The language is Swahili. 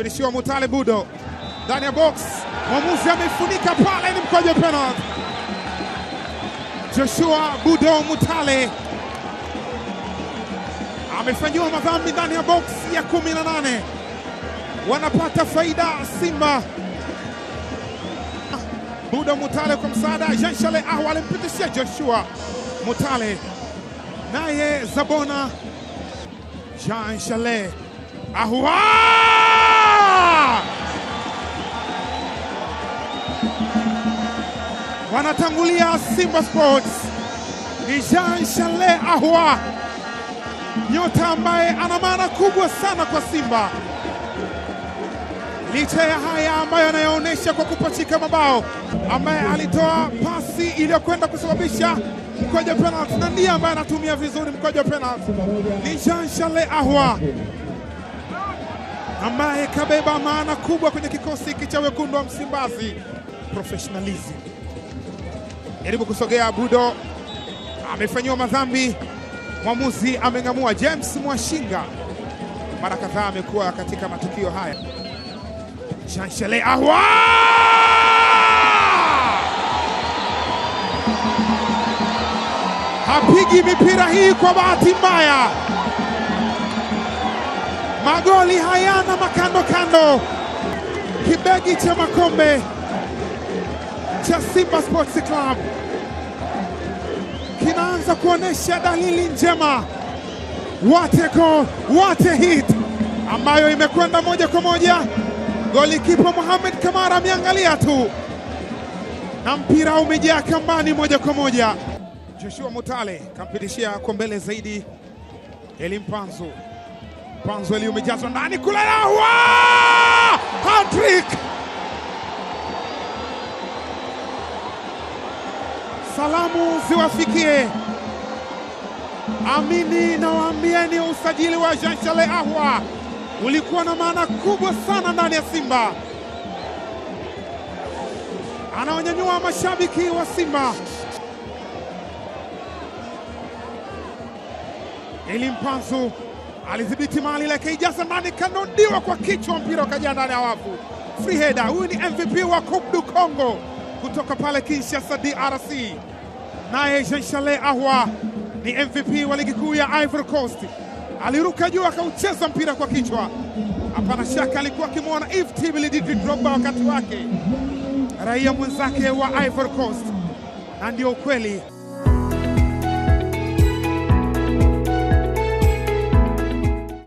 Amepitishiwa Mutale Budo ndani ya box, mwamuzi amefunika pale, ni mkoje penalty. Joshua Budo Mutale amefanyiwa madhambi ndani ya box ya 18. Wanapata faida Simba. Budo Mutale kwa msaada Jean Shale Ahu alimpitishia Joshua Mutale, naye Zabona Jean Shale Ahua wanatangulia Simba Sports. Ni Jean Chale ahwa nyota ambaye ana maana kubwa sana kwa Simba, licha ya haya ambayo anayoonyesha kwa kupachika mabao, ambaye alitoa pasi iliyokwenda kusababisha mkoja penalti, na ndiye ambaye anatumia vizuri mkoja penalti. Ni Jean Chale ahwa ambaye kabeba maana kubwa kwenye kikosi hiki cha wekundu wa Msimbazi professionalism. Jaribu kusogea Budo, amefanyiwa madhambi, mwamuzi ameng'amua. James Mwashinga mara kadhaa amekuwa katika matukio haya. Chanchele Ahwa hapigi mipira hii kwa bahati mbaya. Magoli hayana makando kando, kibegi cha makombe cha Simba Sports Club kinaanza kuonesha dalili njema. What a goal, what a hit ambayo imekwenda moja kwa moja. Golikipa Mohamed Kamara ameangalia tu na mpira umejaa kambani moja kwa moja. Joshua Mutale kampitishia kwa mbele zaidi Eli Mpanzu. Mpanzu Eli umejazwa ndani kule, Salamu ziwafikie. Amini na waambieni, usajili wa Jean Charles Ahwa ulikuwa na maana kubwa sana ndani ya Simba. Anawanyanyua mashabiki wa Simba. Eli Mpanzu alidhibiti mali lake ijaza ndani, kanondiwa kwa kichwa, mpira ukaja ndani ya wavu. Free header. Huyu ni MVP wa Coupe du Congo kutoka pale Kinshasa DRC. Naye Jean Charles Ahwa ni MVP wa ligi kuu ya Ivory Coast, aliruka juu akaucheza mpira kwa kichwa. Hapana shaka alikuwa akimwona Yves Tibili Didier Drogba wakati wake, raia mwenzake wa Ivory Coast, na ndio ukweli.